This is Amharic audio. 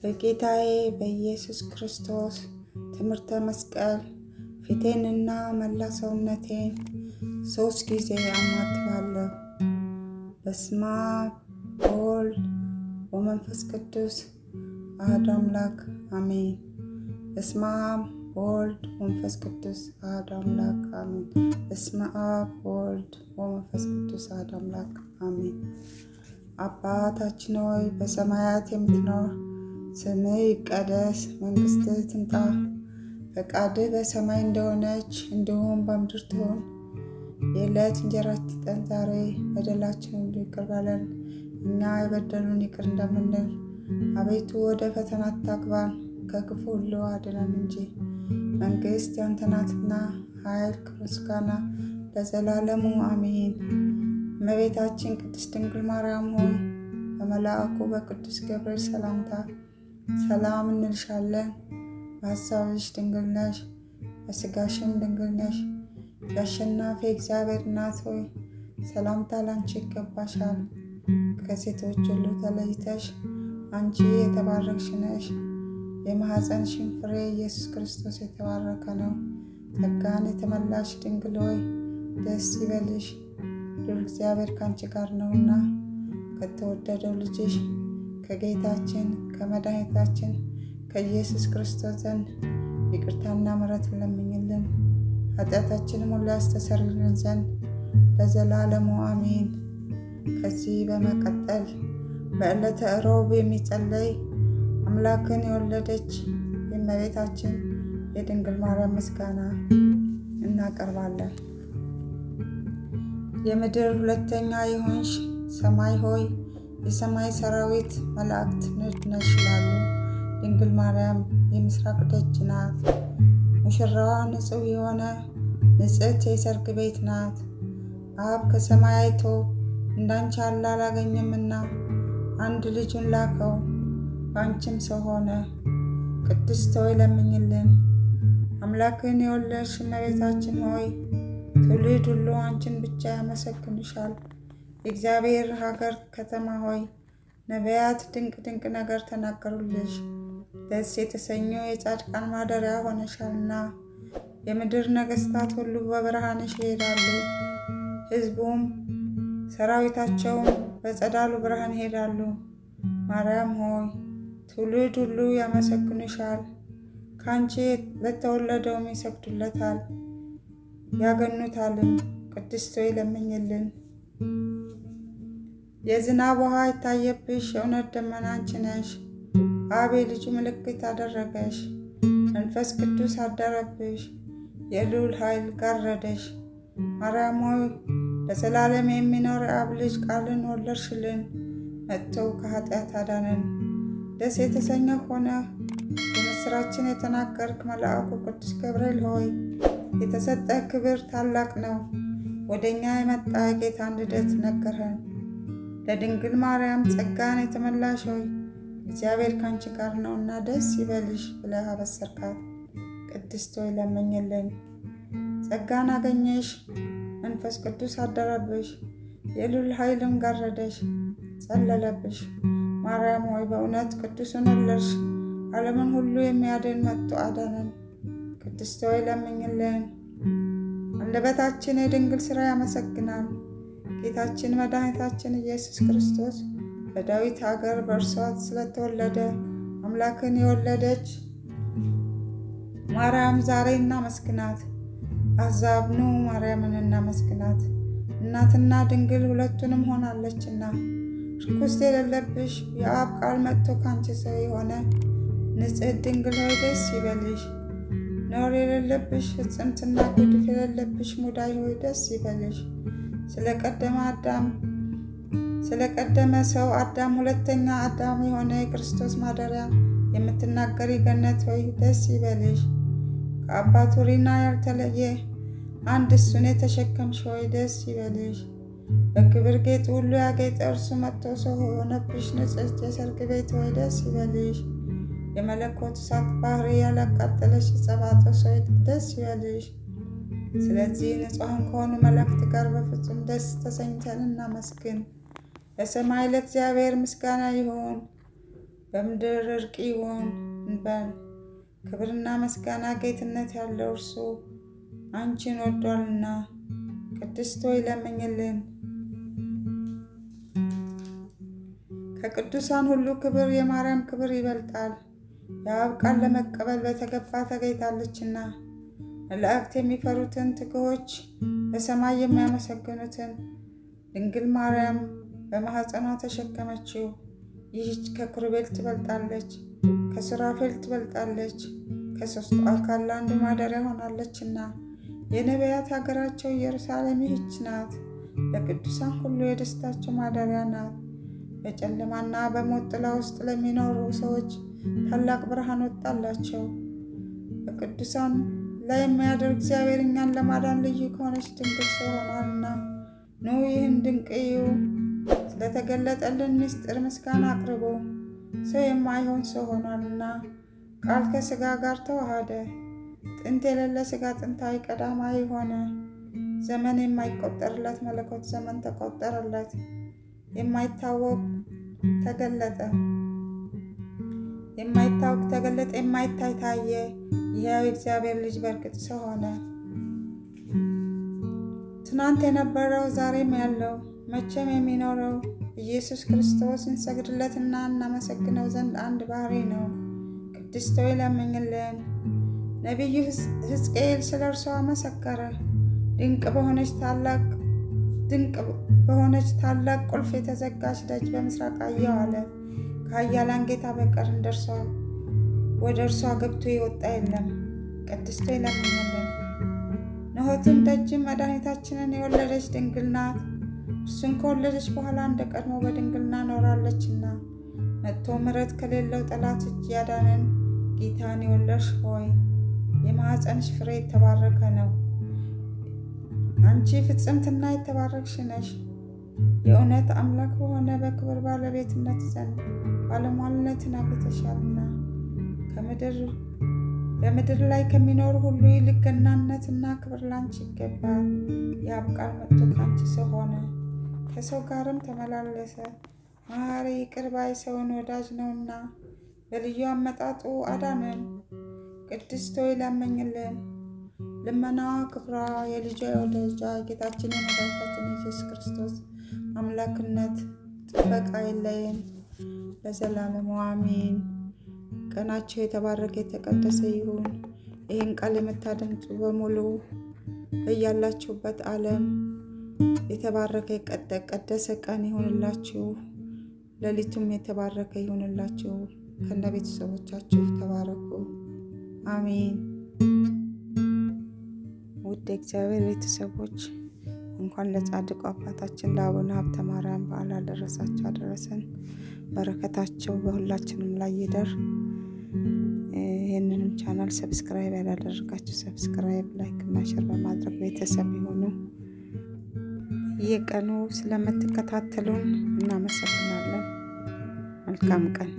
በጌታዬ በኢየሱስ ክርስቶስ ትምህርተ መስቀል ፊቴንና መላ ሰውነቴን ሶስት ጊዜ አማትባለሁ። በስመ አብ ወወልድ ወመንፈስ ቅዱስ አሐዱ አምላክ አሜን። በስመ አብ ወወልድ ወመንፈስ ቅዱስ አሐዱ አምላክ አሜን። በስመ አብ ወወልድ ወመንፈስ ቅዱስ አሐዱ አምላክ አሜን። አባታችን ሆይ በሰማያት የምትኖር ስምህ ይቀደስ፣ መንግስት ትምጣ፣ ፈቃድህ በሰማይ እንደሆነች እንዲሁም በምድር ትሆን። የዕለት እንጀራችንን ስጠን ዛሬ፣ በደላችንን ሁሉ ይቅር በለን እኛ የበደሉን ይቅር እንደምንል፣ አቤቱ ወደ ፈተና አታግባን ከክፉ ሁሉ አድነን እንጂ መንግስት ያንተ ናትና፣ ኃይል፣ ምስጋና ለዘላለሙ አሜን። እመቤታችን ቅድስት ድንግል ማርያም ሆይ በመልአኩ በቅዱስ ገብርኤል ሰላምታ ሰላም እንልሻለን። በሐሳብሽ ድንግል ነሽ፣ በስጋሽም ድንግል ነሽ። የአሸናፊ እግዚአብሔር እናት ሆይ ሰላምታ ላንቺ ይገባሻል። ከሴቶች ሁሉ ተለይተሽ አንቺ የተባረክሽ ነሽ። የማኅፀንሽን ፍሬ ኢየሱስ ክርስቶስ የተባረከ ነው። ጸጋን የተመላሽ ድንግል ሆይ ደስ ይበልሽ እግዚአብሔር ካንቺ ጋር ነውና ከተወደደው ልጅሽ ከጌታችን ከመድኃኒታችን ከኢየሱስ ክርስቶስ ዘንድ ይቅርታና ምሕረት ለምኝልን ኃጢአታችንም ሁሉ ያስተሰርልን ዘንድ ለዘላለሙ አሜን። ከዚህ በመቀጠል በዕለተ ሮብ የሚጸለይ አምላክን የወለደች የእመቤታችን የድንግል ማርያም ምስጋና እናቀርባለን። የምድር ሁለተኛ የሆንሽ ሰማይ ሆይ የሰማይ ሰራዊት መላእክት ነሽ ይላሉ። ድንግል ማርያም የምስራቅ ደጅ ናት። ሙሽራዋ ንጹሕ የሆነ ንጽሕት የሰርግ ቤት ናት። አብ ከሰማይ አይቶ እንዳንቺ ያለ አላገኘምና አንድ ልጁን ላከው፣ በአንቺም ሰው ሆነ። ቅድስት ሆይ ለምኝልን። አምላክን የወለድሽ እመቤታችን ሆይ ትውልድ ሁሉ አንቺን ብቻ ያመሰግንሻል። የእግዚአብሔር ሀገር ከተማ ሆይ ነቢያት ድንቅ ድንቅ ነገር ተናገሩልሽ። ደስ የተሰኘው የጻድቃን ማደሪያ ሆነሻልና የምድር ነገስታት ሁሉ በብርሃንሽ ይሄዳሉ። ሕዝቡም ሰራዊታቸውም በጸዳሉ ብርሃን ይሄዳሉ። ማርያም ሆይ ትውልድ ሁሉ ያመሰግንሻል፣ ከአንቺ ለተወለደውም ይሰግዱለታል። ያገኙታል! ቅድስት ሆይ ለምኝልን። የዝናብ ውሃ የታየብሽ የእውነት ደመና አንቺ ነሽ። አብ የልጁ ምልክት አደረገሽ። መንፈስ ቅዱስ አደረብሽ፣ የልዑል ኃይል ጋረደሽ። ማርያም ሆይ ለዘላለም የሚኖር የአብ ልጅ ቃልን ወለድሽልን፣ መጥተው ከኃጢአት አዳነን። ደስ የተሰኘ ሆነ የምስራችን የተናገርክ መልአኩ ቅዱስ ገብርኤል ሆይ የተሰጠ ክብር ታላቅ ነው። ወደ እኛ የመጣ የጌታን ልደት ነገረን። ለድንግል ማርያም ጸጋን የተመላሽ ሆይ እግዚአብሔር ካንቺ ጋር ነውና ደስ ይበልሽ ብለህ አበሰርካት። ቅድስት ሆይ ለመኝልን። ጸጋን አገኘሽ፣ መንፈስ ቅዱስ አደረብሽ፣ የሉል ኃይልም ጋረደሽ፣ ጸለለብሽ። ማርያም ሆይ በእውነት ቅዱስን ወለድሽ። ዓለምን ሁሉ የሚያድን መጥቶ አዳነን። ቅድስት ሆይ ለምኝልን። አንደበታችን የድንግል ሥራ ያመሰግናል። ጌታችን መድኃኒታችን ኢየሱስ ክርስቶስ በዳዊት ሀገር በእርሷት ስለተወለደ አምላክን የወለደች ማርያም ዛሬ እናመስግናት። አዛብኑ ማርያምን እናመስግናት። እናትና ድንግል ሁለቱንም ሆናለችና ርኩስ የሌለብሽ የአብ ቃል መጥቶ ካንቺ ሰው የሆነ ንጽሕት ድንግል ሆይ ደስ ይበልሽ። ነውር የሌለብሽ ፍጽምትና ጉድፍ የሌለብሽ ሙዳይ ሆይ ደስ ይበልሽ። ስለቀደመ አዳም ስለቀደመ ሰው አዳም ሁለተኛ አዳም የሆነ የክርስቶስ ማደሪያ የምትናገሪ ገነት ሆይ ደስ ይበልሽ። ከአባቱ ሪና ያልተለየ አንድ እሱን የተሸከምሽ ሆይ ደስ ይበልሽ። በክብር ጌጥ ሁሉ ያጌጠ እርሱ መጥቶ ሰው የሆነብሽ ንጽሕት የሰርግ ቤት ሆይ ደስ ይበልሽ። የመለኮት እሳት ባህር ያላቃጠለሽ ጸባጦ ሴት ደስ ይበልሽ። ስለዚህ ንጹሐን ከሆኑ መላእክት ጋር በፍጹም ደስ ተሰኝተን እናመስግን። ለሰማይ ለእግዚአብሔር ምስጋና ይሁን፣ በምድር እርቅ ይሁን እንበል። ክብርና ምስጋና ጌትነት ያለው እርሱ አንቺን ወዷልና፣ ቅድስቶ ይለመኝልን! ከቅዱሳን ሁሉ ክብር የማርያም ክብር ይበልጣል። የአብ ቃል ለመቀበል በተገባ ተገኝታለችና መላእክት የሚፈሩትን ትግሆች በሰማይ የሚያመሰግኑትን ድንግል ማርያም በማኅፀኗ ተሸከመችው። ይህች ከኪሩቤል ትበልጣለች፣ ከሱራፌል ትበልጣለች፣ ከሦስቱ አካል ለአንዱ ማደሪያ ሆናለችና የነቢያት ሀገራቸው ኢየሩሳሌም ይህች ናት። ለቅዱሳን ሁሉ የደስታቸው ማደሪያ ናት። በጨለማና በሞት ጥላ ውስጥ ለሚኖሩ ሰዎች ታላቅ ብርሃን ወጣላቸው። በቅዱሳን ላይ የሚያደርግ እግዚአብሔር እኛን ለማዳን ልዩ ከሆነች ድንቅ ሰው ሆኗልና ኑ ይህን ድንቅ እዩ። ስለተገለጠልን ምስጢር ምስጋና አቅርቦ ሰው የማይሆን ሰው ሆኗልና ቃል ከስጋ ጋር ተዋሃደ። ጥንት የሌለ ስጋ ጥንታዊ ቀዳማዊ ሆነ። ዘመን የማይቆጠርለት መለኮት ዘመን ተቆጠረለት። የማይታወቅ ተገለጠ። የማይታወቅ ተገለጠ፣ የማይታይ ታየ። ይኸው የእግዚአብሔር ልጅ በእርግጥ ሰው ሆነ። ትናንት የነበረው ዛሬም ያለው መቼም የሚኖረው ኢየሱስ ክርስቶስ እንሰግድለትና እናመሰግነው ዘንድ አንድ ባህሪ ነው። ቅድስት ሆይ ለምኝልን። ነቢዩ ሕዝቅኤል ስለ እርሷ መሰከረ። ድንቅ በሆነች ታላቅ ድንቅ በሆነች ታላቅ ቁልፍ የተዘጋች ደጅ በምስራቅ አየሁ አለ። ከኃያላን ጌታ በቀር እንደርሷ ወደ እርሷ ገብቶ የወጣ የለም። ቅድስቶ ይለምንልን። ንሆትም ደጅ መድኃኒታችንን የወለደች ድንግል ናት። እርሱን ከወለደች በኋላ እንደ ቀድሞ በድንግልና ኖራለችና መጥቶ ምረት ከሌለው ጠላት እጅ ያዳነን ጌታን የወለድሽ ሆይ የማኅፀንሽ ፍሬ የተባረከ ነው። አንቺ ፍጽምትና የተባረክሽ ነሽ የእውነት አምላክ በሆነ በክብር ባለቤትነት ዘንድ ባለሟልነትን አግኝተሻልና ከምድር በምድር ላይ ከሚኖር ሁሉ ይልቅ ገናነትና ክብር ላንቺ ይገባል። የአብ ቃል መጥቶ ካንቺ ሰው ሆነ፣ ከሰው ጋርም ተመላለሰ። መሐሪ ይቅር ባይ ሰውን ወዳጅ ነውና በልዩ አመጣጡ አዳነን። ቅድስት ሆይ ለምኝልን። ልመናዋ ክብሯ የልጇ የወዳጇ ጌታችን የመድኃኒታችን ኢየሱስ ክርስቶስ አምላክነት ጥበቃ አይለየን። ለዘላለሙ አሜን። ቀናቸው የተባረከ የተቀደሰ ይሁን። ይህን ቃል የምታደምጡ በሙሉ በያላችሁበት ዓለም የተባረከ የቀደሰ ቀን ይሁንላችሁ። ሌሊቱም የተባረከ ይሁንላችሁ። ከነ ቤተሰቦቻችሁ ተባረኩ። አሜን። ውድ እግዚአብሔር ቤተሰቦች እንኳን ለጻድቁ አባታችን ለአቡነ ሀብተ ማርያም በዓል አደረሳችሁ አደረሰን። በረከታቸው በሁላችንም ላይ ይደር። ይህንንም ቻናል ሰብስክራይብ ያላደረጋችሁ ሰብስክራይብ፣ ላይክ እና ሸር በማድረግ ቤተሰብ የሆኑ የቀኑ ስለምትከታተሉን እናመሰግናለን። መልካም ቀን